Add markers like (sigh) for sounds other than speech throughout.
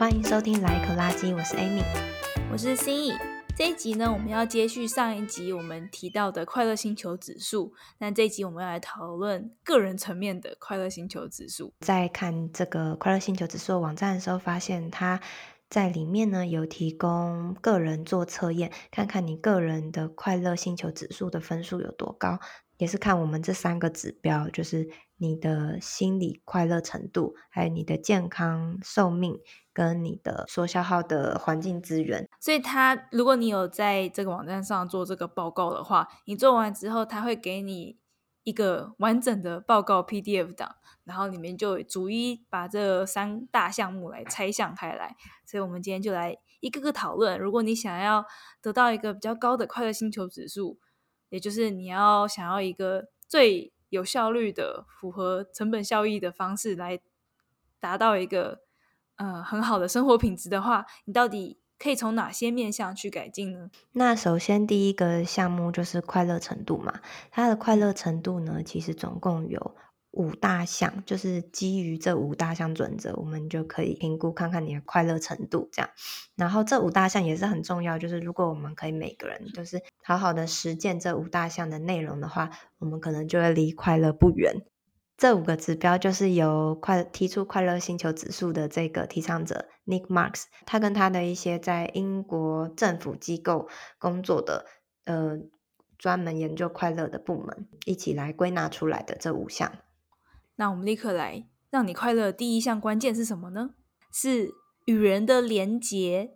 歡迎收聽《來一口拉機》，我是 Amy，我是 C。義。這一集呢，我們要接續上一集我們提到的快樂星球指數。那這一集我們要來討論個人層面的快樂星球指數。在看這個快樂星球指數的網站的時候，發現它在裡面呢有提供個人做測驗，看看你個人的快樂星球指數的分數有多高，也是看我們這三個指標，就是。你的心理快樂程度，還有你的健康壽命，跟你的所消耗的環境資源。所以他，它如果你有在這個網站上做這個報告的話，你做完之後，他會給你一個完整的報告 PDF 檔，然後裡面就逐一把這三大項目來拆項開來。所以我們今天就來一個個討論。如果你想要得到一個比較高的快樂星球指數，也就是你要想要一個最。有效率的、符合成本效益的方式來達到一個呃很好的生活品質的話，你到底可以從哪些面向去改進呢？那首先第一個項目就是快樂程度嘛，它的快樂程度呢，其實總共有。五大項，就是基於這五大項準則，我們就可以評估看看你的快樂程度這樣。然後這五大項也是很重要，就是如果我們可以每個人就是好好的實踐這五大項的內容的話，我們可能就會離快樂不遠。這五個指標就是由快提出快樂星球指數的這個提倡者 Nick Marks，他跟他的一些在英國政府機構工作的呃專門研究快樂的部門一起來歸納出來的這五項。那我們立刻來，讓你快樂的第一項關鍵是什麼呢？是與人的連接，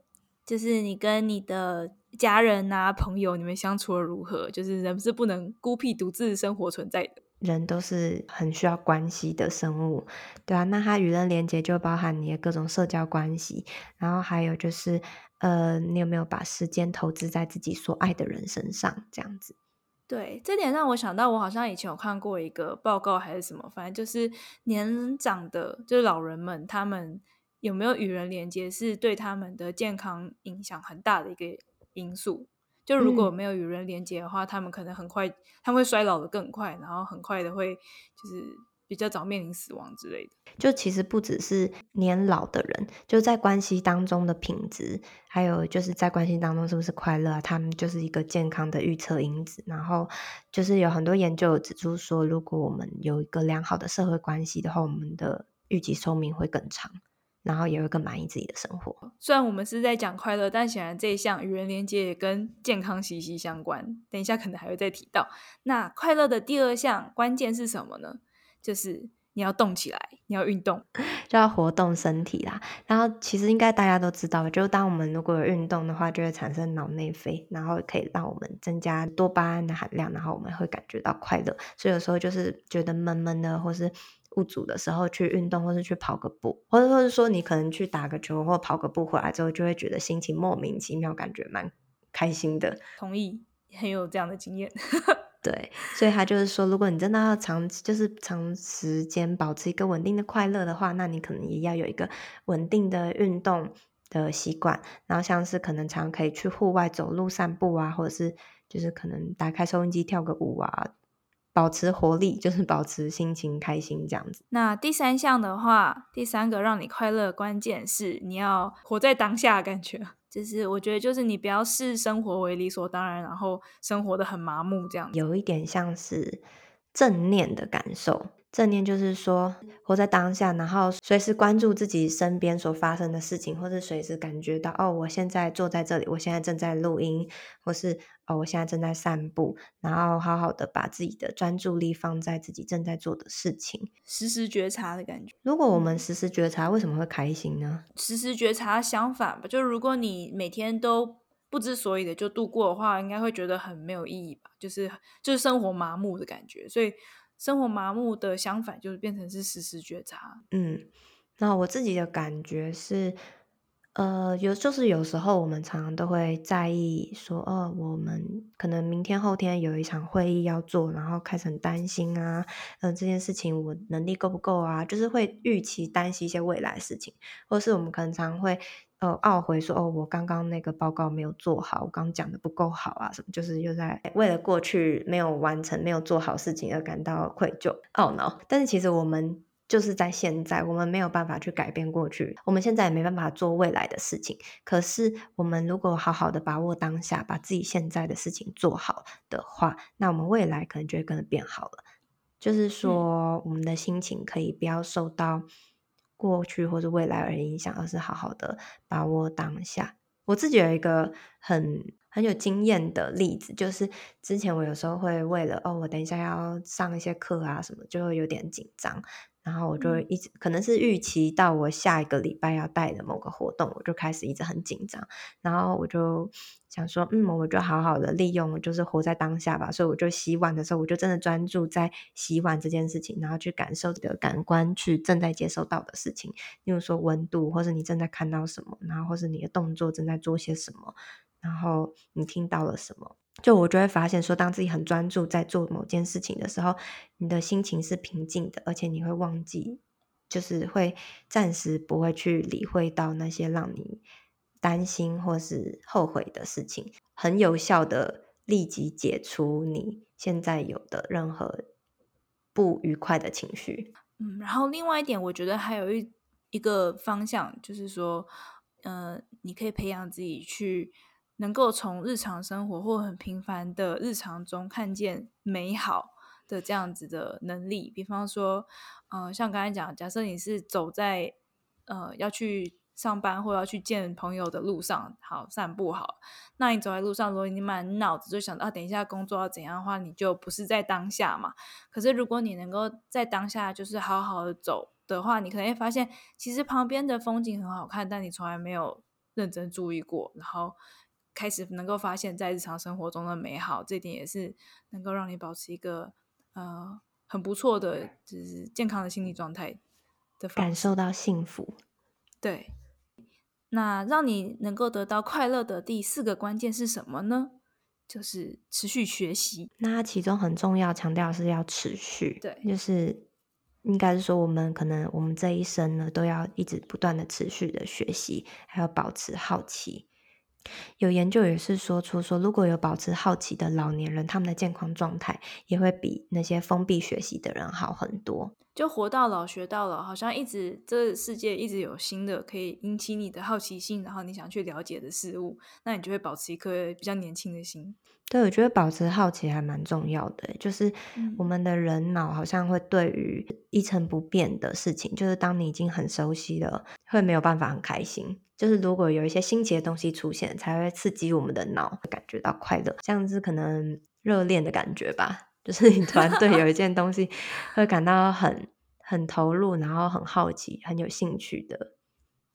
就是你跟你的家人啊、朋友，你們相處了如何？就是人是不能孤僻獨自生活存在的，人都是很需要關係的生物，對啊，那他與人連接就包含你的各種社交關係，然後還有就是，呃，你有沒有把時間投資在自己所愛的人身上？這樣子。對，這點讓我想到，我好像以前有看過一個報告，還是什麼，反正就是年長的，就是老人們，他們有沒有與人連接，是對他們的健康影響很大的一個因素。就如果沒有與人連接的話，他們可能很快，他們會衰老的更快，然後很快的會就是。比較早面臨死亡之類的，就其實不只是年老的人，就在關係當中的品質，還有就是在關係當中是不是快樂啊，他們就是一個健康的預測因子。然後就是有很多研究指出說，如果我們有一個良好的社會關係的話，我們的預計壽命會更長，然後也會更滿意自己的生活。雖然我們是在講快樂，但顯然這一項與人連接也跟健康息息相關。等一下可能還會再提到。那快樂的第二項關鍵是什麼呢？就是你要動起來，你要運動，就要活動身體啦。然後其實應該大家都知道，就當我們如果有運動的話，就會產生腦內啡，然後可以讓我們增加多巴胺的含量，然後我們會感覺到快樂。所以有時候就是覺得悶悶的或是鬱卒的時候，去運動或是去跑個步，或者或者說你可能去打個球或跑個步回來之後，就會覺得心情莫名其妙，感覺蠻開心的。同意，很有這樣的經驗。 (laughs) 對，所以他就是說，如果你真的要長，就是長時間保持一個穩定的快樂的話，那你可能也要有一個穩定的運動的習慣，然後像是可能常可以去戶外走路散步啊，或者是就是可能打開收音機跳個舞啊，保持活力，就是保持心情開心這樣子。那第三項的話，第三個讓你快樂的關鍵是你要活在當下的感覺。其實我覺得，就是你不要視生活為理所當然，然後生活的很麻木，這樣有一點像是正念的感受。正念就是說，活在當下，然後隨時關注自己身邊所發生的事情，或者隨時感覺到哦，我現在坐在這裡，我現在正在錄音，或是哦，我現在正在散步，然後好好的把自己的專注力放在自己正在做的事情，時時覺察的感覺。如果我們時時覺察，嗯、為什麼會開心呢？時時覺察相反吧，就是如果你每天都不知所以的就度過的話，應該會覺得很沒有意義吧，就是就是生活麻木的感覺，所以。生活麻木的，相反就是變成是時時覺察。嗯，那我自己的感覺是，呃，有就是有時候我們常常都會在意說，哦、呃，我們可能明天後天有一場會議要做，然後開始擔心啊，嗯、呃，這件事情我能力夠不夠啊？就是會預期擔心一些未來事情，或是我們可能常會。哦、呃，懊悔說哦，我剛剛那個報告沒有做好，我剛講的不夠好啊，什麼就是又在為了過去沒有完成、沒有做好事情而感到愧疚、懊惱。但是其實我們就是在現在，我們沒有辦法去改變過去，我們現在也沒辦法做未來的事情。可是我們如果好好的把握當下，把自己現在的事情做好的話，那我們未來可能就會更變好了。就是說，嗯、我們的心情可以不要受到。過去或是未來而影響，而是好好的把握當下。我自己有一個很很有經驗的例子，就是之前我有時候會為了哦，我等一下要上一些課啊什麼，就會有點緊張。然後我就一直可能是預期到我下一個禮拜要帶的某個活動，我就開始一直很緊張。然後我就想說，嗯，我就好好的利用，我就是活在當下吧。所以我就洗碗的時候，我就真的專注在洗碗這件事情，然後去感受這個感官去正在接收到的事情，例如說溫度，或者你正在看到什麼，然後或是你的動作正在做些什麼，然後你聽到了什麼。就我就會發現說當自己很專注在做某件事情的時候，你的心情是平靜的，而且你會忘記，就是會暫時不會去理會到那些讓你擔心或是後悔的事情，很有效的立即解除你現在有的任何不愉快的情緒。嗯，然後另外一點，我覺得還有一一個方向，就是說，嗯，呃，你可以培養自己去。能夠從日常生活或很平凡的日常中看見美好的這樣子的能力，比方說，嗯、呃、像剛才講，假設你是走在呃要去上班或要去見朋友的路上，好散步好，那你走在路上，如果你滿腦子就想到、啊、等一下工作要怎樣的話，你就不是在當下嘛。可是如果你能夠在當下就是好好的走的話，你可能會發現，其實旁邊的風景很好看，但你從來沒有認真注意過，然後。開始能夠發現，在日常生活中的美好，這點也是能夠讓你保持一個呃很不錯的，就是健康的心理狀態的方式，感受到幸福。對，那讓你能夠得到快樂的第四個關鍵是什麼呢？就是持續學習。那其中很重要，強調是要持續。對，就是應該是說，我們可能我們這一生呢，都要一直不斷的持續的學習，還要保持好奇。有研究也是說出說，如果有保持好奇的老年人，他們的健康狀態也會比那些封閉學習的人好很多。就活到老，學到老，好像一直這個世界一直有新的可以引起你的好奇心，然後你想去了解的事物，那你就會保持一顆比較年輕的心。對，我覺得保持好奇還蠻重要的，就是我們的人腦好像會對於一成不變的事情，就是當你已經很熟悉了，會沒有辦法很開心，就是如果有一些新奇的東西出現，才會刺激我們的腦，會感覺到快樂，這樣子可能熱戀的感覺吧。就是你團隊有一件東西，會感到很 (laughs) 很投入，然後很好奇、很有興趣的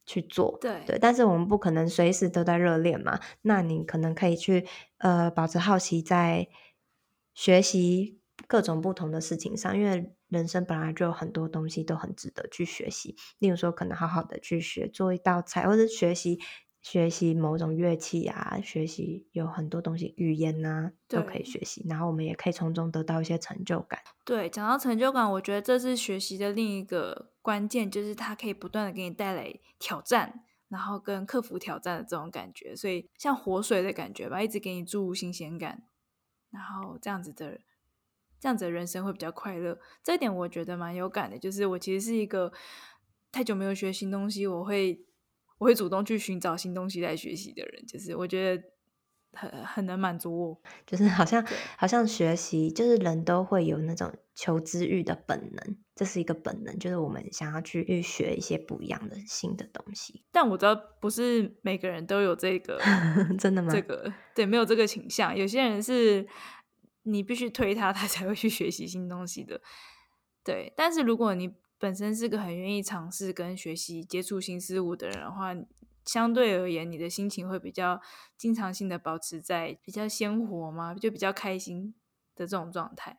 去做。對，對。但是我們不可能隨時都在熱戀嘛，那你可能可以去呃保持好奇，在學習各種不同的事情上，因為。人生本來就有很多東西都很值得去學習，例如說可能好好的去學做一道菜，或者學習學習某種樂器啊，學習有很多東西，語言吶、啊、對都可以學習。然後我們也可以從中得到一些成就感。對，講到成就感，我覺得這是學習的另一個關鍵，就是它可以不斷的給你帶來挑戰，然後跟克服挑戰的這種感覺。所以像活水的感覺吧，一直給你注入新鮮感，然後這樣子的人。這樣子的人生會比較快樂，這一點我覺得蠻有感的。就是我其實是一個太久沒有學新東西，我會我會主動去尋找新東西來學習的人。就是我覺得很很能滿足我，就是好像對好像學習，就是人都會有那種求知慾的本能，這是一個本能，就是我們想要去學一些不一樣的新的東西。 (laughs) 嗎但我知道不是每個人都有這個， (laughs) 真的嗎？這個對，沒有這個傾向，有些人是。你必須推他，他才會去學習新東西的。對，但是如果你本身是個很願意嘗試跟學習接觸新事物的人的話，相對而言，你的心情會比較經常性的保持在比較鮮活嘛，就比較開心的這種狀態。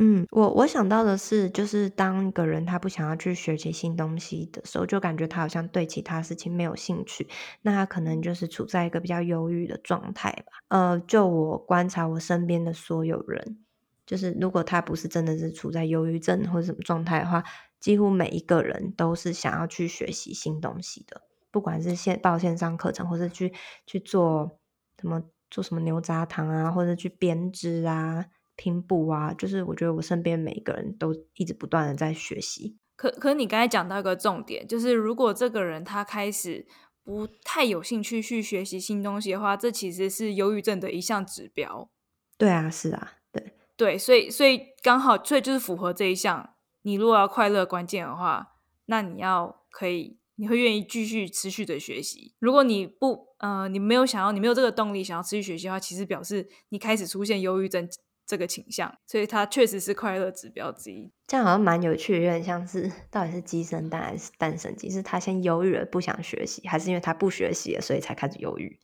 嗯，我我想到的是，就是當一個人他不想要去學習新東西的時候，就感覺他好像對其他事情沒有興趣，那他可能就是處在一個比較憂鬱的狀態吧。呃，就我觀察我身邊的所有人，就是如果他不是真的是處在憂鬱症或者什麼狀態的話，幾乎每一個人都是想要去學習新東西的，不管是線報線上課程，或者去去做什麼做什麼牛軋糖啊，或者去編織啊。拼布啊，就是我覺得我身邊每一個人都一直不斷的在學習。可可，可是你剛才講到一個重點，就是如果這個人他開始不太有興趣去學習新東西的話，這其實是憂鬱症的一項指標。對啊，是啊，對對，所以所以剛好，所以就是符合這一項。你如果要快樂關鍵的話，那你要可以，你會願意繼續持續的學習。如果你不，呃，你沒有想要，你沒有這個動力想要持續學習的話，其實表示你開始出現憂鬱症這個傾向，所以它確實是快樂指標之一。這樣好像蠻有趣的，有點像是到底是雞生蛋還是蛋生雞？是他先猶豫了，不想學習，還是因為他不學習所以才開始憂鬱。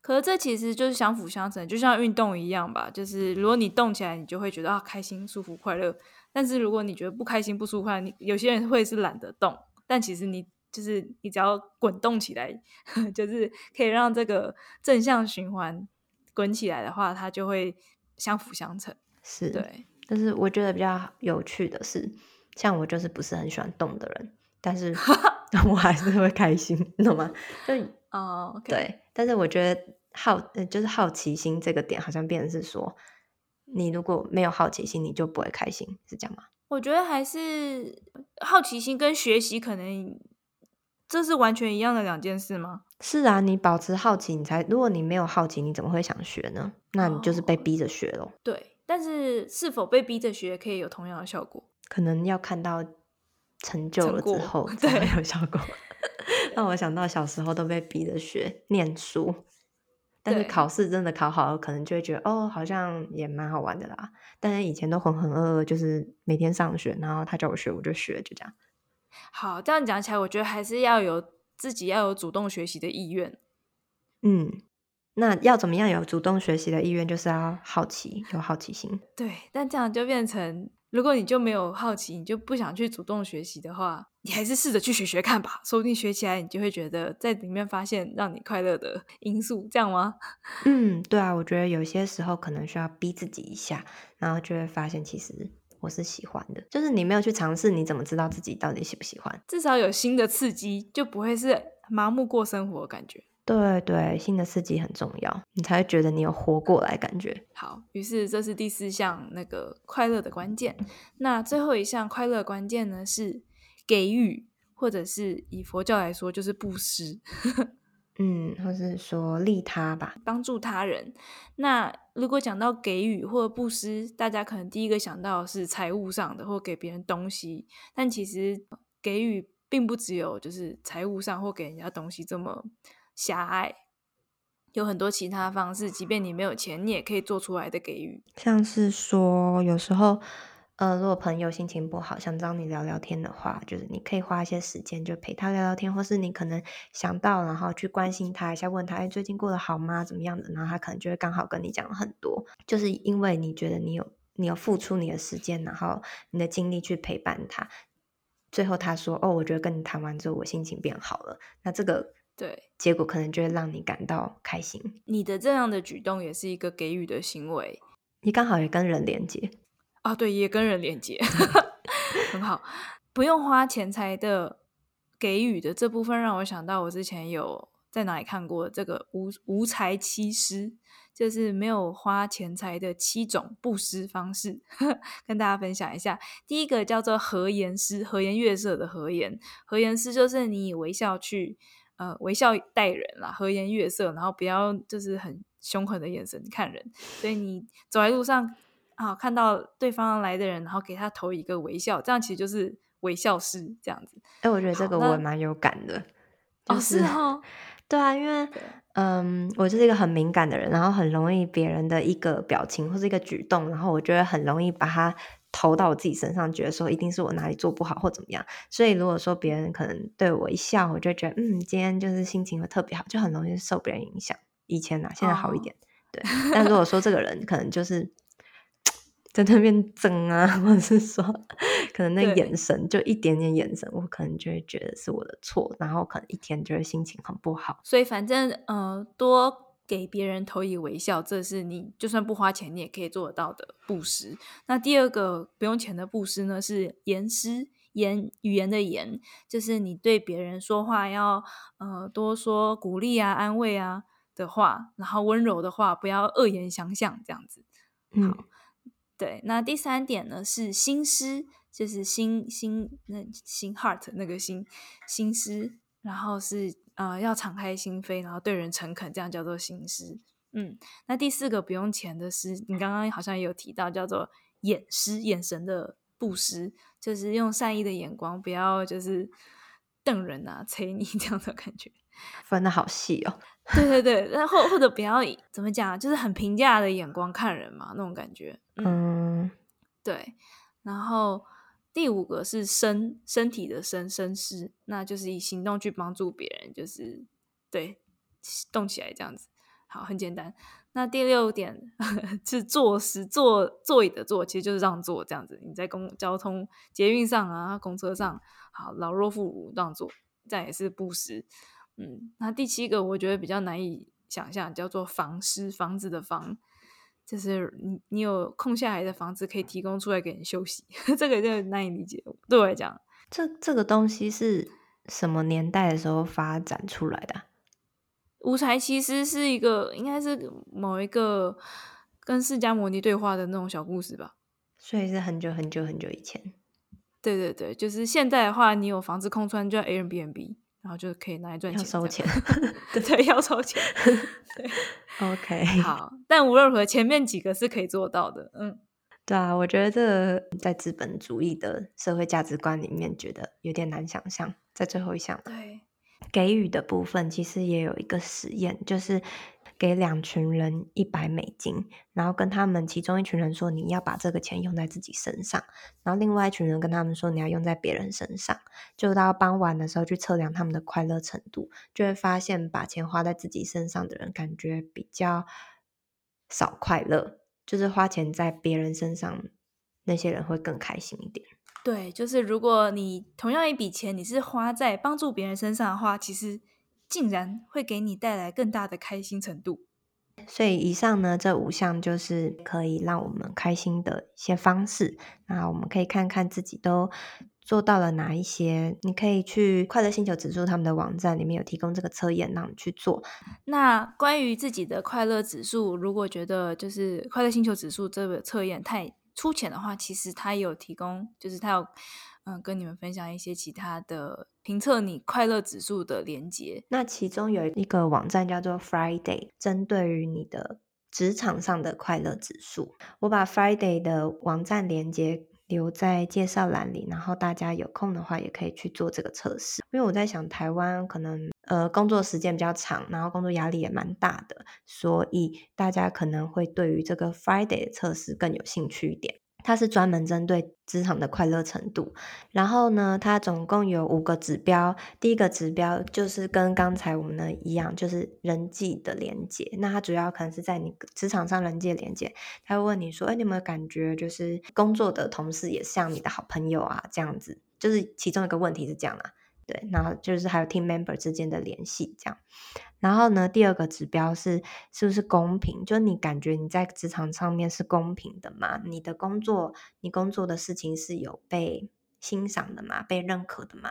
可是這其實就是相輔相成，就像運動一樣吧。就是如果你動起來，你就會覺得啊，開心、舒服、快樂。但是如果你覺得不開心、不舒服快樂，你有些人會是懶得動。但其實你就是你只要滾動起來，就是可以讓這個正向循環滾起來的話，它就會。相輔相成是對，但是我覺得比較有趣的是，像我就是不是很喜歡動的人，但是我還是會開心， (laughs) 你懂嗎？就哦，uh, okay. 對，但是我覺得好，就是好奇心這個點好像變成是說，你如果沒有好奇心，你就不會開心，是這樣嗎？我覺得還是好奇心跟學習，可能這是完全一樣的兩件事嗎？是啊，你保持好奇，你才。如果你沒有好奇，你怎麼會想學呢？那你就是被逼着學咯。哦、對，但是是否被逼着學可以有同樣的效果？可能要看到成就了之後，功才有效果。讓對 (laughs) 我想到小時候都被逼着學 (laughs) 念書，但是考試真的考好了，可能就會覺得對哦，好像也蠻好玩的啦。但是以前都渾渾噩噩，就是每天上學，然後他叫我學，我就學，就這樣。好，這樣講起來，我覺得還是要有。自己要有主動學習的意願，嗯，那要怎麼樣有主動學習的意願？就是要好奇，有好奇心。對，但這樣就變成，如果你就沒有好奇，你就不想去主動學習的話，你還是試着去學學看吧，說不定學起來你就會覺得在裡面發現讓你快樂的因素，這樣嗎？嗯，對啊，我覺得有些時候可能需要逼自己一下，然後就會發現其實。我是喜歡的，就是你沒有去嘗試，你怎麼知道自己到底喜不喜歡？至少有新的刺激，就不會是麻木過生活的感覺。對對，新的刺激很重要，你才會覺得你有活過來感覺。好，於是這是第四項那個快樂的關鍵。那最後一項快樂的關鍵呢，是給予，或者是以佛教來說，就是布施。 (laughs) 嗯，或是說利他吧，幫助他人。那如果講到給予或布施，大家可能第一個想到是財務上的，或給別人東西。但其實給予並不只有就是財務上或給人家東西這麼狹隘，有很多其他方式。即便你沒有錢，你也可以做出來的給予，像是說有時候。呃，如果朋友心情不好，想找你聊聊天的話，就是你可以花一些時間，就陪他聊聊天，或是你可能想到，然後去關心他一下，問他哎，最近過得好嗎？怎麼樣的？然後他可能就會剛好跟你講了很多，就是因為你覺得你有，你有付出你的時間，然後你的精力去陪伴他，最後他說哦，我覺得跟你談完之後，我心情變好了。那這個對結果可能就會讓你感到開心。你的這樣的舉動也是一個給予的行為，你剛好也跟人連接。啊，對，也跟人連接， (laughs) 很好， (laughs) 不用花錢財的給予的這部分，讓我想到我之前有在哪裡看過這個無無財七施，就是沒有花錢財的七種布施方式， (laughs) 跟大家分享一下。第一個叫做和顏施，和顏悅色的和顏，和顏施就是你以微笑去，呃，微笑待人啦，和顏悅色，然後不要就是很凶狠的眼神看人，所以你走在路上。啊、哦，看到對方來的人，然後給他投一個微笑，這樣其實就是微笑式這樣子。哎、欸，我覺得這個我也蠻有感的，就是、哦，是哦，對啊，因為對嗯，我就是一個很敏感的人，然後很容易別人的一個表情或是一個舉動，然後我覺得很容易把它投到我自己身上，覺得說一定是我哪裡做不好或怎麼樣。所以如果說別人可能對我一笑，我就覺得嗯，今天就是心情會特別好，就很容易受別人影響。以前呢、啊，現在好一點，哦、對。但如果說這個人可能就是。 (laughs) 在那邊爭啊，或者是說，可能那眼神 (laughs) 對就一點點眼神，我可能就會覺得是我的錯，然後可能一天就會心情很不好。所以反正呃，多給別人投以微笑，這是你就算不花錢，你也可以做到的布施。那第二個不用錢的布施呢，是言施，言語言的言，就是你對別人說話要呃多說鼓勵啊、安慰啊的話，然後溫柔的話，不要惡言相向這樣子。嗯、好。對，那第三點呢是心施，就是心心那心 heart 那個心心施，然後是啊、呃，要敞開心扉，然後對人誠懇，這樣叫做心施。嗯，那第四個不用錢的施，你剛剛好像也有提到，叫做眼施，眼神的布施，就是用善意的眼光，不要就是瞪人啊，催你這樣的感覺。分的好細哦。 (laughs) 對對對，然後或者不要怎麼講，就是很評價的眼光看人嘛，那種感覺。嗯，嗯對。然後第五個是身身體的身身施，那就是以行動去幫助別人，就是對動起來這樣子。好，很簡單。那第六點呵呵、就是座施座，座椅的座，其實就是讓座這樣子。你在公交通捷運上啊，公車上，好老弱婦孺讓座，這樣也是布施。嗯，那第七個我覺得比較難以想象，叫做“房施”，房子的“房”，就是你你有空下來的房子可以提供出來給人休息，呵呵這個就很難以理解。我對我來講，這這個東西是什麼年代的時候發展出來的？無財其實是一個，應該是某一個跟釋迦牟尼對話的那種小故事吧，所以是很久很久很久以前。對對對，就是現在的話，你有房子空出來，就要 Airbnb。然後就可以拿來賺錢，收錢，對，要收錢。對，OK，好。但無論如何，前面幾個是可以做到的。嗯，對啊，我覺得這在資本主義的社會價值觀裡面，覺得有點難想象。在最後一項，對，給予的部分其實也有一個實驗，就是。給兩群人一百美金，然後跟他們其中一群人說，你要把這個錢用在自己身上，然後另外一群人跟他們說，你要用在別人身上。就到傍晚的時候去測量他們的快樂程度，就會發現把錢花在自己身上的人感覺比較少快樂，就是花錢在別人身上那些人會更開心一點。對，就是如果你同樣一筆錢，你是花在幫助別人身上的話，其實。竟然會給你帶來更大的開心程度，所以以上呢，這五項就是可以讓我們開心的一些方式。那我們可以看看自己都做到了哪一些。你可以去快樂星球指數他們的網站，裡面有提供這個測驗，讓你去做。那關於自己的快樂指數，如果覺得就是快樂星球指數這個測驗太粗淺的話，其實他有提供，就是他有。跟你們分享一些其他的評測你快樂指數的連接。那其中有一個網站叫做 Friday，針對於你的職場上的快樂指數，我把 Friday 的網站連接留在介紹欄裡，然後大家有空的話也可以去做這個測試。因為我在想，台灣可能呃工作時間比較長，然後工作壓力也蠻大的，所以大家可能會對於這個 Friday 的測試更有興趣一點。它是專門針對職場的快樂程度，然後呢，它總共有五個指標。第一個指標就是跟剛才我們的一樣，就是人際的連接。那它主要可能是在你職場上人際連接，他會問你說：“哎，你有沒有感覺就是工作的同事也像你的好朋友啊這樣子？”就是其中一個問題是這樣啊，對，然後就是還有 team member 之間的聯繫這樣。然後呢，第二個指標是是不是公平，就你感覺你在職場上面是公平的嗎？你的工作，你工作的事情是有被欣賞的嗎？被認可的嗎？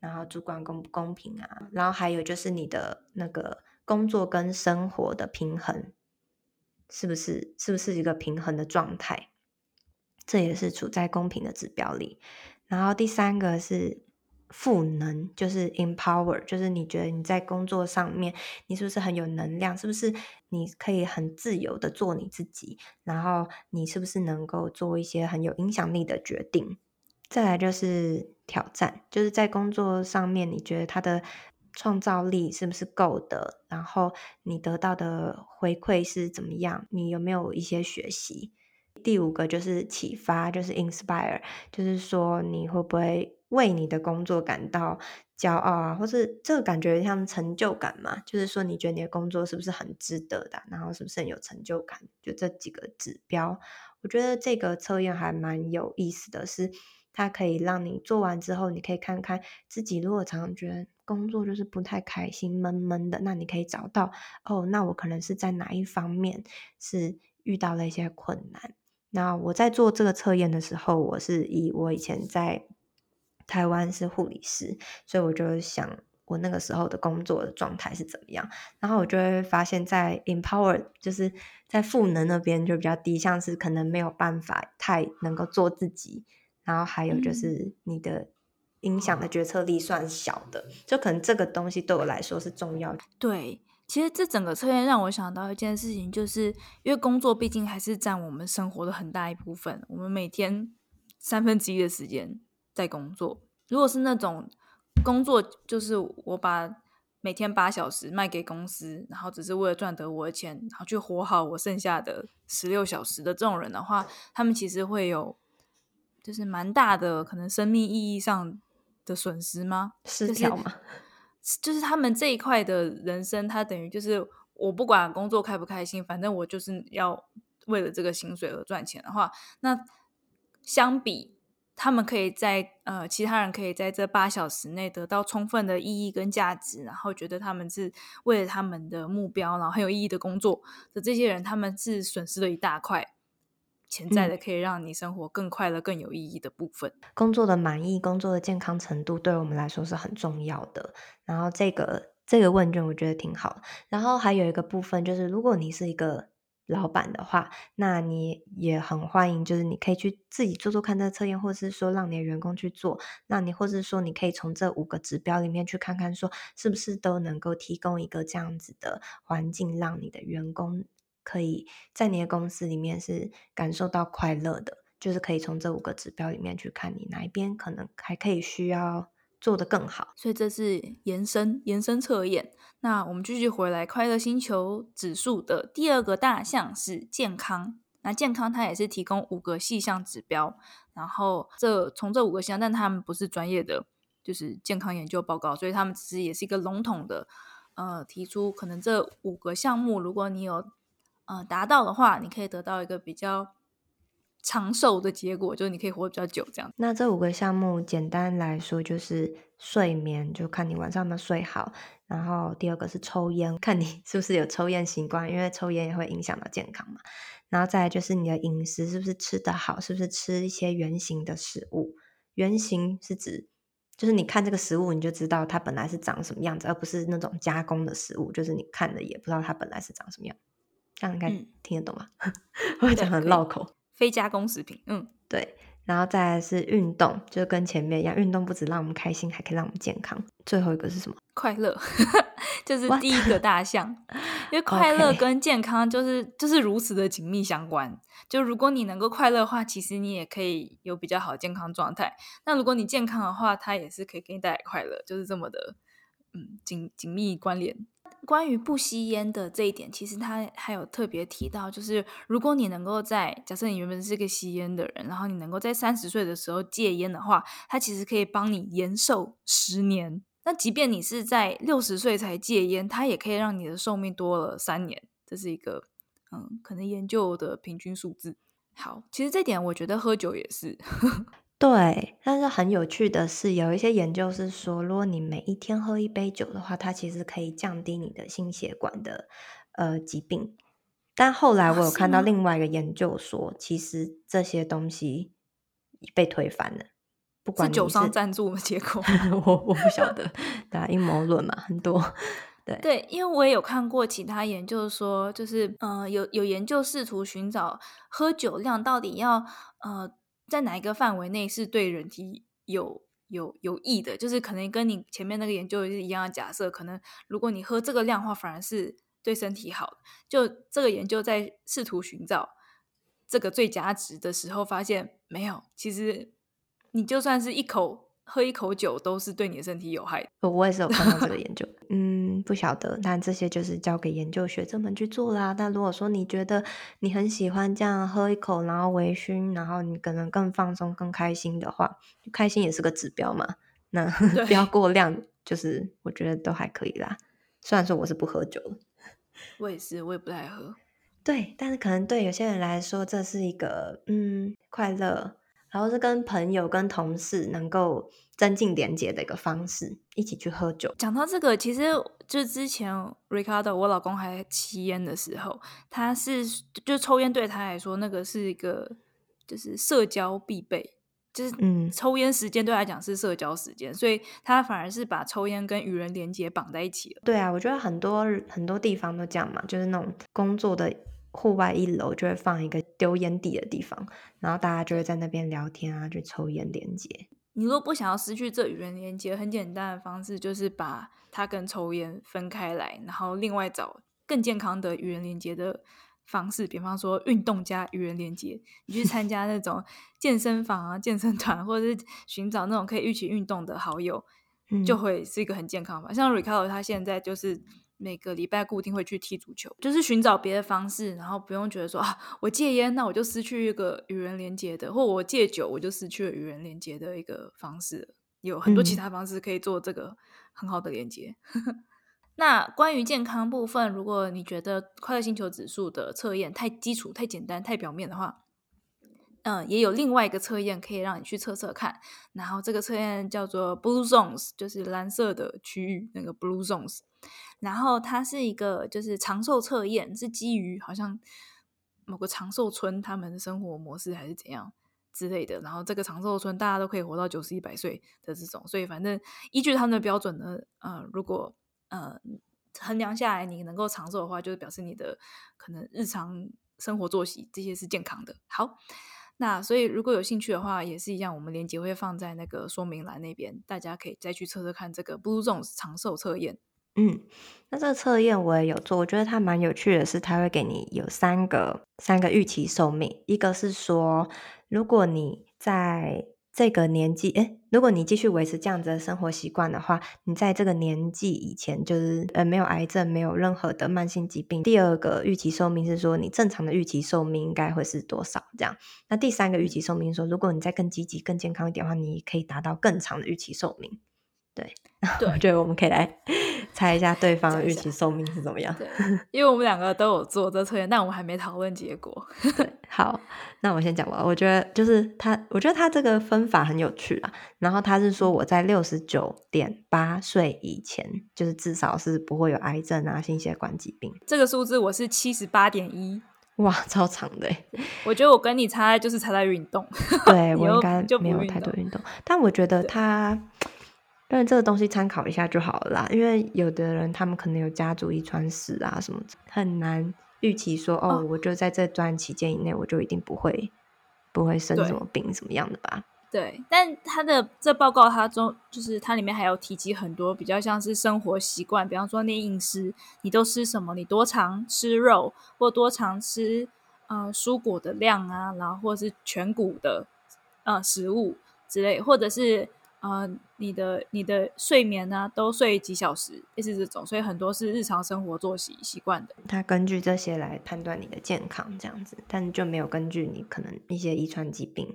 然後主管公不公平啊？然後還有就是你的那個工作跟生活的平衡，是不是是不是一個平衡的狀態？這也是處在公平的指標裡。然後第三個是。賦能就是 empower，就是你覺得你在工作上面，你是不是很有能量？是不是你可以很自由的做你自己？然後你是不是能夠做一些很有影響力的決定？再來就是挑戰，就是在工作上面，你覺得它的創造力是不是夠的？然後你得到的回饋是怎麼樣？你有沒有一些學習？第五個就是啟發，就是 inspire，就是說你會不會？為你的工作感到驕傲啊，或是這個感覺像成就感嘛。就是說，你覺得你的工作是不是很值得的啊，然後是不是很有成就感？就這幾個指標，我覺得這個測驗還蠻有意思的是，是它可以讓你做完之後，你可以看看自己，如果常常覺得工作就是不太開心、悶悶的，那你可以找到哦，那我可能是在哪一方面是遇到了一些困難。那我在做這個測驗的時候，我是以我以前在。台灣是護理師，所以我就想，我那個時候的工作的狀態是怎麼樣？然後我就會發現，在 empower 就是在賦能那邊就比較低，像是可能沒有辦法太能夠做自己，然後還有就是你的影響的決策力算小的，嗯、就可能這個東西對我來說是重要的。對，其實這整個測驗讓我想到一件事情，就是因為工作畢竟還是占我們生活的很大一部分，我們每天三分之一的時間。在工作，如果是那種工作就是我把每天八小時賣給公司，然後只是為了賺得我的錢，然後去活好我剩下的十六小時的這種人的話，他們其實會有就是蠻大的可能生命意義上的損失嗎？失調嗎？就是，就是他們這一塊的人生，他等於就是我不管工作開不開心，反正我就是要為了這個薪水而賺錢的話，那相比。他們可以在呃，其他人可以在這八小時內得到充分的意義跟價值，然後覺得他們是為了他們的目標，然後很有意義的工作的這些人，他們是損失了一大塊潛在的可以讓你生活更快樂、嗯、更有意義的部分。工作的滿意、工作的健康程度，對我們來說是很重要的。然後這個這個問卷我覺得挺好的。然後還有一個部分就是，如果你是一個。老闆的話，那你也很歡迎，就是你可以去自己做做看這個測驗，或是說讓你的員工去做。那你或者是說，你可以從這五個指標裡面去看看，說是不是都能夠提供一個這樣子的環境，讓你的員工可以在你的公司裡面是感受到快樂的。就是可以從這五個指標裡面去看你哪一邊可能還可以需要做得更好，所以這是延伸延伸測驗。那我們繼續回來快樂星球指數的第二個大項是健康。那健康它也是提供五個細項指標，然後這從這五個項，但他們不是專業的，就是健康研究報告，所以他們其實也是一個籠統的，呃，提出可能這五個項目，如果你有呃達到的話，你可以得到一個比較長壽的結果，就是你可以活比較久，這樣。那這五個項目簡單來說就是睡眠，就看你晚上有沒有睡好。然後第二個是抽煙，看你是不是有抽煙習慣，因為抽煙也會影響到健康嘛。然後再來就是你的飲食是不是吃得好，是不是吃一些原型的食物。原型是指就是你看這個食物你就知道它本來是長什麼樣子，而不是那種加工的食物，就是你看的也不知道它本來是長什麼樣。這樣應該聽得懂嗎？嗯、 (laughs) 我講很繞口。非加工食品，嗯，對，然後再來是運動，就跟前面一樣，運動不只讓我們開心，還可以讓我們健康。最後一個是什麼？快樂，呵呵，就是第一個大項，What? 因為快樂跟健康就是 Okay. 就是如此的緊密相關。就如果你能夠快樂的話，其實你也可以有比較好的健康狀態。那如果你健康的話，它也是可以給你帶來快樂，就是這麼的，嗯，緊緊密關聯。關於不吸煙的這一點，其實他還有特別提到，就是如果你能夠在假設你原本是個吸煙的人，然後你能夠在三十歲的時候戒煙的話，它其實可以幫你延壽十年。那即便你是在六十歲才戒煙，它也可以讓你的壽命多了三年。這是一個嗯，可能研究的平均數字。好，其實這點我覺得喝酒也是。呵呵對，但是很有趣的是，有一些研究是說，如果你每一天喝一杯酒的話，它其實可以降低你的心血管的呃疾病。但後來我有看到另外一個研究說，哦、其實這些東西已被推翻了，不管是，是酒商贊助的結果。 (laughs) 我我不曉得，大家陰 (laughs) 謀論嘛，很多對對，因為我也有看過其他研究說，就是嗯、呃，有有研究試圖尋找喝酒量到底要呃。在哪一個範圍內是對人體有有有益的？就是可能跟你前面那個研究是一樣的假設，可能如果你喝這個量的話，反而是對身體好。就這個研究在試圖尋找這個最佳值的時候，發現沒有。其實，你就算是一口喝一口酒，都是對你的身體有害的。我也是有看到這個研究，嗯。 (laughs) 不曉得，但這些就是交給研究學者們去做啦。但如果說你覺得你很喜歡這樣喝一口，然後微醺，然後你可能更放鬆、更開心的話，開心也是個指標嘛。那對呵呵不要過量，就是我覺得都還可以啦。雖然說我是不喝酒了，我也是，我也不太喝。對，但是可能對有些人來說，這是一個嗯快樂。然後是跟朋友、跟同事能夠增進連接的一個方式，一起去喝酒。講到這個，其實就之前 Ricardo 我老公還吸菸的時候，他是就抽菸對他來說，那個是一個就是社交必備，就是嗯，抽菸時間對他來講是社交時間，嗯、所以他反而是把抽菸跟與人連接綁在一起。對啊，我覺得很多很多地方都這樣嘛，就是那種工作的。戶外一樓就會放一個丟煙蒂的地方，然後大家就會在那邊聊天啊，就抽煙連接。你若不想要失去這語言連接，很簡單的方式就是把它跟抽煙分開來，然後另外找更健康的語言連接的方式，比方說運動加語言連接。你去參加那種健身房啊、 (laughs) 健身團，或者是尋找那種可以一起運動的好友，嗯、就會是一個很健康吧。像 Ricardo 他現在就是。每個禮拜固定會去踢足球，就是尋找別的方式，然後不用覺得說啊，我戒菸那我就失去一個與人連接的，或我戒酒我就失去了與人連接的一個方式，有很多其他方式可以做這個很好的連接。嗯、 (laughs) 那關於健康部分，如果你覺得快樂星球指數的測驗太基礎、太簡單、太表面的話，嗯、呃，也有另外一個測驗可以讓你去測測看，然後這個測驗叫做 Blue Zones，就是藍色的區域那個 Blue Zones。然後它是一個，就是長壽測驗，是基於好像某個長壽村他們的生活模式還是怎樣之類的。然後這個長壽村大家都可以活到九十一百歲的這種，所以反正依據他們的標準呢，呃，如果呃衡量下來你能夠長壽的話，就是表示你的可能日常生活作息這些是健康的。好，那所以如果有興趣的話，也是一樣，我們連結會放在那個說明欄那邊，大家可以再去測試看這個 Blue Zone 長壽測驗。嗯，那這個測驗我也有做，我覺得它蠻有趣的是，它會給你有三個三個預期壽命，一個是說，如果你在這個年紀誒，如果你繼續維持這樣子的生活習慣的話，你在這個年紀以前就是呃沒有癌症，沒有任何的慢性疾病。第二個預期壽命是說，你正常的預期壽命應該會是多少這樣？那第三個預期壽命是說，如果你再更積極、更健康一點的話，你可以達到更長的預期壽命。對，對， (laughs) 我覺得我們可以來。猜一下對方的預期壽命是怎麼樣？因為我們兩個都有做這測驗，但我們還沒討論結果 (laughs) 。好，那我先講吧。我覺得就是他，我覺得他這個分法很有趣啊。然後他是說我在六十九點八歲以前，嗯、就是至少是不會有癌症啊、心血管疾病。這個數字我是七十八點一，哇，超長的、欸。 (laughs) 我覺得我跟你差，就是差在運動。 (laughs) 對，我應該沒有太多運動。動但我覺得他。但這個東西參考一下就好了啦，因為有的人他們可能有家族遺傳史啊，什麼很難預期說哦，哦我就在這段期間以內，我就一定不會不會生什麼病什麼樣的吧？對，對，但他的這報告他，它中就是它裡面還有提及很多比較像是生活習慣，比方說那飲食，你都吃什麼？你多常吃肉，或多常吃、呃、蔬果的量啊，然後或是全谷的、呃、食物之類，或者是。呃，你的你的睡眠呢、啊，都睡幾小時，也是這種，所以很多是日常生活作息習慣的。他根據這些來判斷你的健康這樣子，嗯、但就沒有根據你可能一些遺傳疾病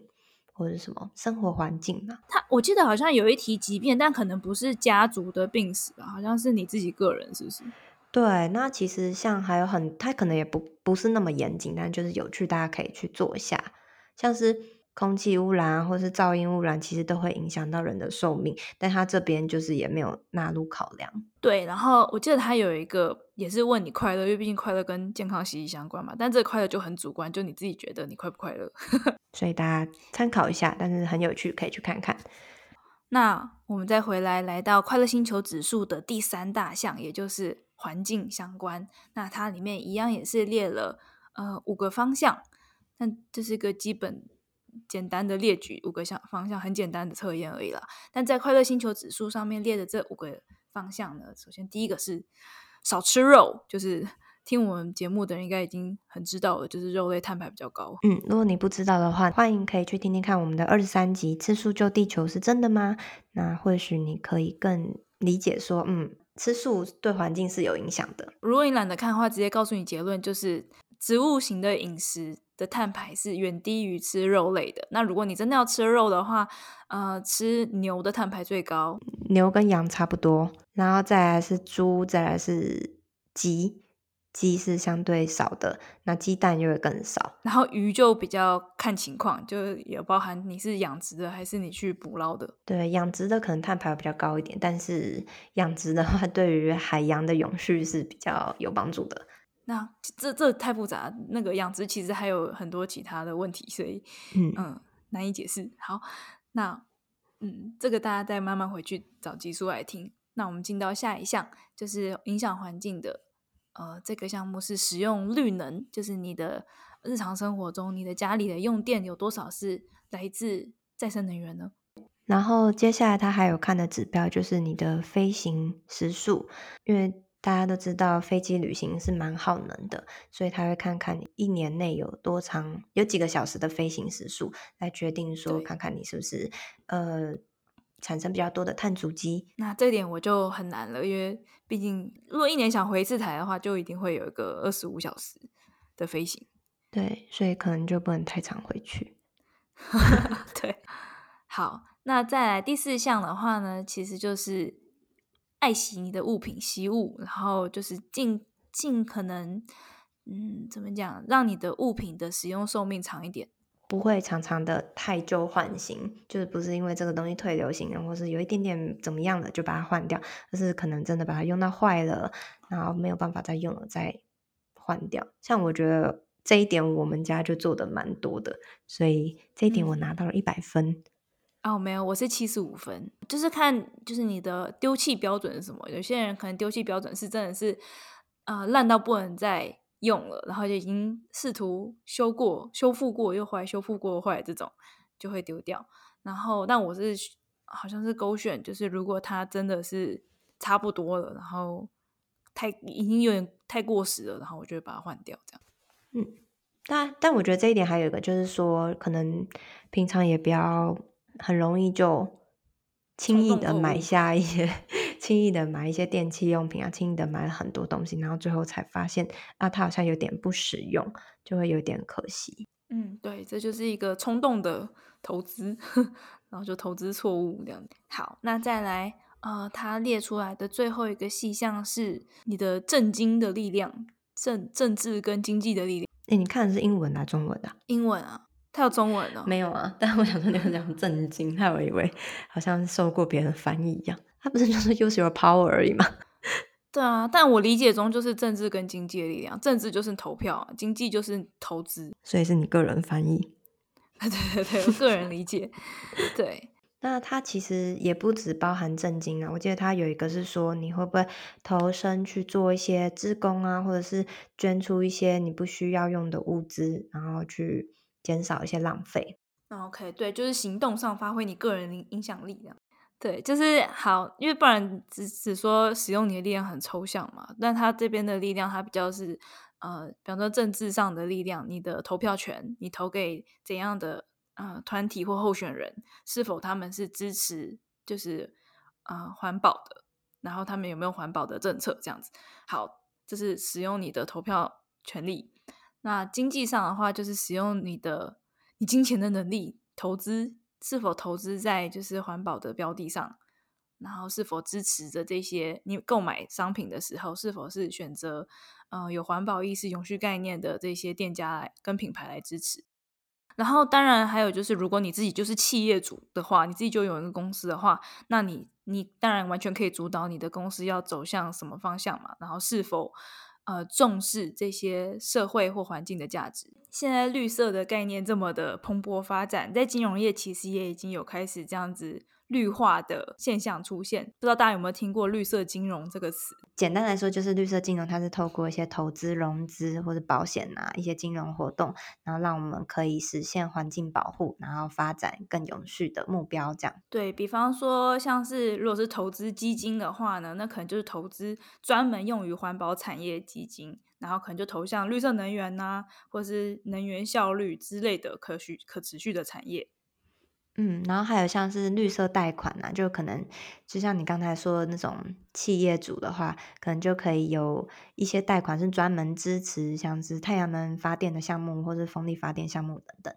或者什麼生活環境呢。他我記得好像有一題疾病，但可能不是家族的病史吧，好像是你自己個人，是不是？對，那其實像還有很，他可能也不不是那麼嚴謹，但就是有趣，大家可以去做一下，像是。空氣污染啊，或是噪音污染，其實都會影響到人的壽命，但它這邊就是也沒有納入考量。對，然後我記得它有一個也是問你快樂，因為畢竟快樂跟健康息息相關嘛。但這個快樂就很主觀，就你自己覺得你快不快樂， (laughs) 所以大家參考一下，但是很有趣，可以去看看。那我們再回來來到快樂星球指數的第三大項，也就是環境相關。那它裡面一樣也是列了呃五個方向，但這是個基本。簡單的列舉五個方向，很簡單的測驗而已啦，但在快樂星球指數上面列的這五個方向呢，首先第一個是少吃肉，就是聽我們節目的人應該已經很知道了，就是肉類碳排比較高。嗯，如果你不知道的話，歡迎可以去聽聽看我們的二十三集吃素救地球是真的嗎？那或許你可以更理解說，嗯，吃素對環境是有影響的。如果你懶得看的話，直接告訴你結論就是。植物型的飲食的碳排是遠低於吃肉類的。那如果你真的要吃肉的話，呃，吃牛的碳排最高，牛跟羊差不多，然後再來是豬，再來是雞，雞是相對少的，那雞蛋又更少。然後魚就比較看情況，就有包含你是養殖的還是你去捕撈的。對，養殖的可能碳排比較高一點，但是養殖的話，對於海洋的永續是比較有幫助的。那這這太複雜，那個養殖其實還有很多其他的問題，所以嗯，嗯難以解釋。好，那嗯，這個大家再慢慢回去找技術來聽。那我們進到下一項，就是影響環境的，呃，這個項目是使用綠能，就是你的日常生活中，你的家裡的用電有多少是來自再生能源呢？然後接下來他還有看的指標就是你的飛行時數，因為。大家都知道，飛機旅行是蠻耗能的，所以他會看看你一年內有多長，有幾個小時的飛行時數，來決定說，看看你是不是對呃產生比較多的碳足跡。那這點我就很難了，因為畢竟如果一年想回一次台的話，就一定會有一個二十五小時的飛行。對，所以可能就不能太常回去。 (laughs) 對，好，那再來第四項的話呢，其實就是。愛惜你的物品、惜物，然後就是盡盡可能，嗯，怎麼講，讓你的物品的使用壽命長一點，不會常常的汰舊換新，就是不是因為這個東西退流行，然後是有一點點怎麼樣的就把它換掉，而是可能真的把它用到壞了，然後沒有辦法再用了再換掉。像我覺得這一點我們家就做的蠻多的，所以這一點我拿到了一百分。嗯哦，沒有，我是七十五分，就是看就是你的丟棄標準是什麼？有些人可能丟棄標準是真的是，呃，爛到不能再用了，然後就已經試圖修過、修復過又壞，修復過壞這種就會丟掉。然後，但我是好像是勾選，就是如果它真的是差不多了，然後太已經有點太過時了，然後我就會把它換掉這樣。嗯，但但我覺得這一點還有一個就是說，可能平常也不要。很容易就輕易的買下一些， (laughs) 輕易的買一些電器用品啊，輕易的買了很多東西，然後最後才發現啊，它好像有點不實用，就會有點可惜。嗯，對，這就是一個衝動的投資，然後就投資錯誤這樣。好，那再來，呃，它列出來的最後一個細項是你的政經的力量，政政治跟經濟的力量。誒、欸，你看的是英文啊，中文的？啊？英文啊。他有中文呢、哦？沒有啊，但我想說你們講政經，嗯、害我以為好像受過別人翻譯一樣。他不是就是 use your power 而已嘛？對啊，但我理解中就是政治跟經濟的力量，政治就是投票，經濟就是投資。所以是你個人翻譯？ (laughs) 對對對，我個人理解。 (laughs) 對， (laughs) 那他其實也不只包含政經啊。我記得他有一個是說你會不會投身去做一些志工啊，或者是捐出一些你不需要用的物資，然後去。減少一些浪費。那 OK，對，就是行動上發揮你個人的影響力量。對，就是好，因為不然只只說使用你的力量很抽象嘛。但他這邊的力量，他比較是呃，比方說政治上的力量，你的投票權，你投給怎樣的啊、呃、團體或候選人，是否他們是支持，就是啊、呃、環保的，然後他們有沒有環保的政策這樣子。好，就是使用你的投票權利。那經濟上的話，就是使用你的你金錢的能力投資，是否投資在就是環保的標的上，然後是否支持着這些你購買商品的時候，是否是選擇嗯、呃、有環保意識、永續概念的這些店家來跟品牌來支持。然後當然還有就是，如果你自己就是企業主的話，你自己就有一個公司的話，那你你當然完全可以主導你的公司要走向什麼方向嘛，然後是否。呃，重視這些社會或環境的價值。現在綠色的概念這麼的蓬勃發展，在金融業其實也已經有開始這樣子。綠化的現象出現，不知道大家有沒有聽過“綠色金融”這個詞？簡單來說，就是綠色金融它，是透過一些投資、融資或者保險啊一些金融活動，然後讓我們可以實現環境保護，然後發展更永續的目標。這樣。對，比方說，像是如果是投資基金的話呢，那可能就是投資專門用於環保產業基金，然後可能就投向綠色能源吶、啊，或是能源效率之類的可續可持續的產業。嗯，然後還有像是綠色貸款呢、啊、就可能就像你剛才說的那種企業主的話，可能就可以有一些貸款是專門支持像是太陽能發電的項目或者風力發電項目等等，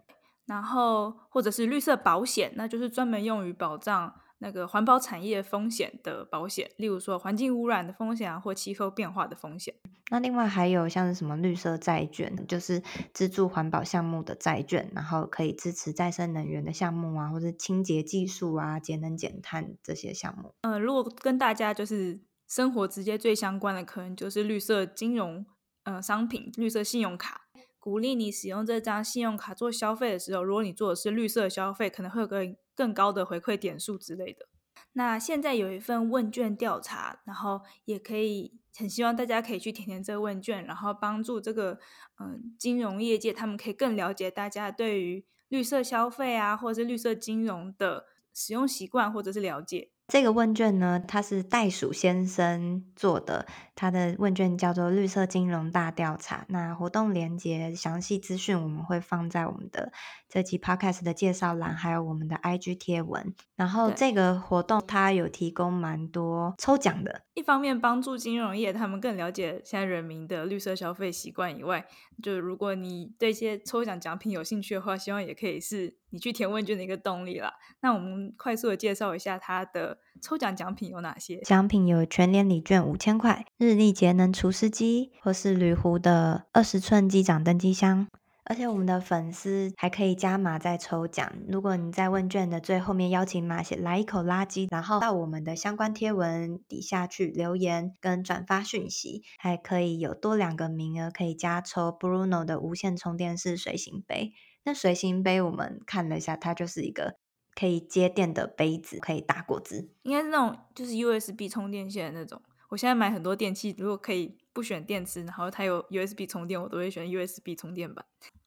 然後或者是綠色保險，那就是專門用於保障。那個環保產業風險的保險，例如說環境污染的風險啊，或氣候變化的風險。那另外還有像是什麼綠色債券，就是資助環保項目的債券，然後可以支持再生能源的項目啊，或者清潔技術啊、節能減碳這些項目。嗯、呃，如果跟大家就是生活直接最相關的，可能就是綠色金融，呃，商品、綠色信用卡，鼓勵你使用這張信用卡做消費的時候，如果你做的是綠色消費，可能會有個。更高的回饋點數之類的。那現在有一份問卷調查，然後也可以很希望大家可以去填填這個問卷，然後幫助這個嗯、呃、金融業界，他們可以更了解大家對於綠色消費啊，或者是綠色金融的使用習慣或者是了解。這個問卷呢，它是袋鼠先生做的，他的問卷叫做“綠色金融大調查”。那活動連結、詳細資訊我們會放在我們的這期 podcast 的介紹欄，還有我們的 IG 貼文。然後這個活動它有提供蠻多抽獎的，對一方面幫助金融業他們更了解現在人民的綠色消費習慣以外，就是如果你對一些抽獎獎品有興趣的話，希望也可以是。你去填問卷的一個動力了。那我們快速的介紹一下它的抽獎獎品有哪些。獎品有全聯禮券五千塊、日立節能除濕機，或是旅狐的二十寸機長登機箱。而且我們的粉絲還可以加碼再抽獎。如果你在問卷的最後面邀請碼寫“來一口拉機”，然後到我們的相關貼文底下去留言跟轉發訊息，還可以有多兩個名額可以加抽 Bruno 的無線充電式隨行杯。那隨行杯我們看了一下，它就是一個可以接電的杯子，可以打果汁，應該是那種就是 USB 充電線那種。我現在買很多電器，如果可以不選電池，然後它有 USB 充電，我都會選 USB 充電版。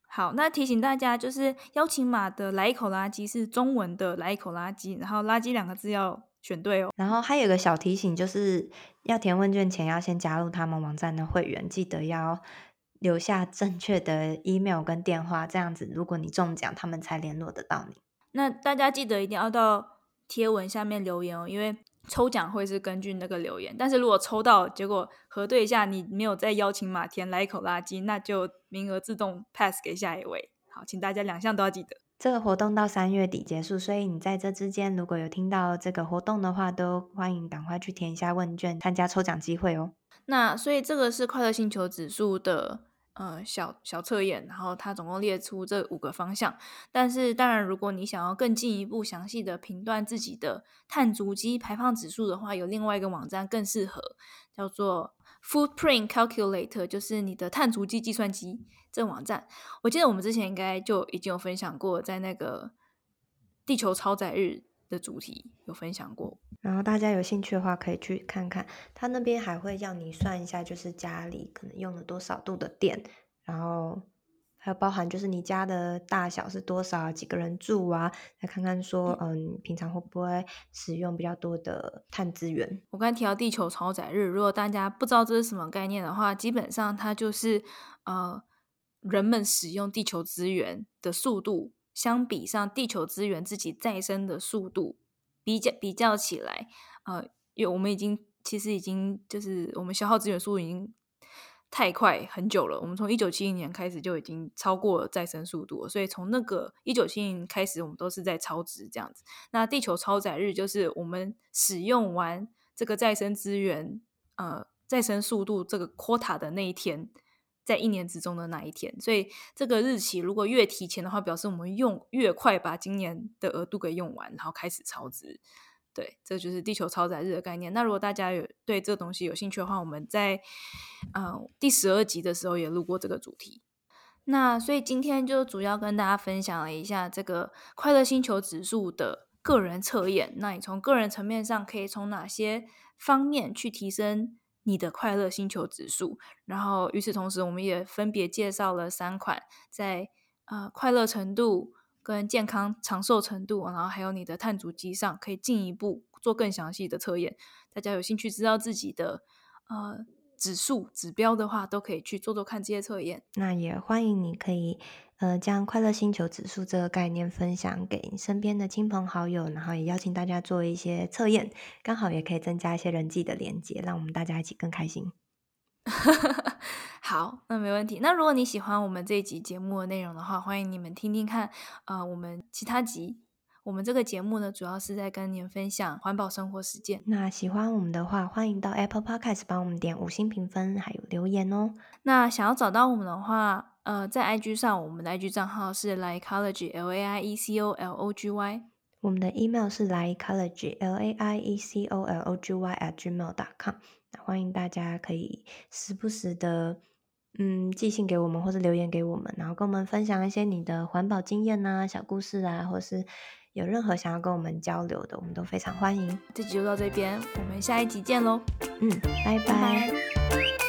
好，那提醒大家，就是邀請碼的“來一口拉機”是中文的“來一口拉機”，然後“拉機”兩個字要選對哦。然後還有個小提醒，就是要填問卷前要先加入他們網站的會員，記得要。留下正確的 email 跟電話，這樣子，如果你中獎，他們才聯絡得到你。那大家記得一定要到貼文下面留言哦，因為抽獎會是根據那個留言。但是如果抽到結果核對一下，你沒有在邀請碼填來一口拉機，那就名額自動 pass 給下一位。好，請大家兩項都要記得。這個活動到三月底結束，所以你在這之間如果有聽到這個活動的話，都歡迎趕快去填一下問卷，參加抽獎機會哦。那所以這個是快樂星球指數的。呃，小小測驗，然後它總共列出這五個方向。但是，當然，如果你想要更進一步詳細的評斷自己的碳足跡排放指數的話，有另外一個網站更適合，叫做 Footprint Calculator，就是你的碳足跡計算機這個網站。我記得我們之前應該就已經有分享過，在那個地球超載日。的主題有分享過，然後大家有興趣的話可以去看看。他那邊還會讓你算一下，就是家裡可能用了多少度的電，然後還有包含就是你家的大小是多少啊，幾個人住啊，來看看說，嗯，嗯，平常會不會使用比較多的碳資源。我剛提到地球超載日，如果大家不知道這是什麼概念的話，基本上它就是呃，人們使用地球資源的速度，相比上地球資源自己再生的速度比較比較起來，呃，有我們已經其實已經就是我們消耗資源速度已經太快很久了。我們從一九七零年開始就已經超過再生速度了，所以從那個一九七零開始，我們都是在超值這樣子。那地球超載日就是我們使用完這個再生資源呃再生速度這個 quota 的那一天。在一年之中的那一天，所以這個日期如果越提前的話，表示我們用越快把今年的額度給用完，然後開始超支。對，這就是地球超載日的概念。那如果大家有對這東西有興趣的話，我們在嗯、呃、第十二集的時候也錄過這個主題。那所以今天就主要跟大家分享了一下這個快樂星球指數的個人測驗。那你從個人層面上可以從哪些方面去提升？你的快樂星球指數，然後與此同時，我們也分別介紹了三款在呃快樂程度、跟健康長壽程度，然後還有你的碳足跡上可以進一步做更詳細的測驗。大家有興趣知道自己的呃指數指標的話，都可以去做做看這些測驗。那也歡迎你可以。呃，將快樂星球指數這個概念分享給身邊的親朋好友，然後也邀請大家做一些測驗，剛好也可以增加一些人際的連接，讓我們大家一起更開心。 (laughs) 好，那沒問題。那如果你喜歡我們這一集節目的內容的話，歡迎你們聽聽看，啊、呃，我們其他集，我們這個節目呢，主要是在跟您分享環保生活實踐。那喜歡我們的話，歡迎到 Apple Podcast 幫我們點五星評分，還有留言哦。那想要找到我們的話，呃，在 IG 上，我們的 IG 賬號是 laiecology，l a i e c o l o g y，我們的 email 是 laiecology，l a i e c o l o g y at gmail dot com。那歡迎大家可以時不時的嗯寄信給我們或者留言給我們，然後跟我們分享一些你的環保經驗吶、啊、小故事啊，或者是有任何想要跟我們交流的，我們都非常歡迎。這集就到這邊，我們下一集見嘍，嗯，拜拜。拜拜。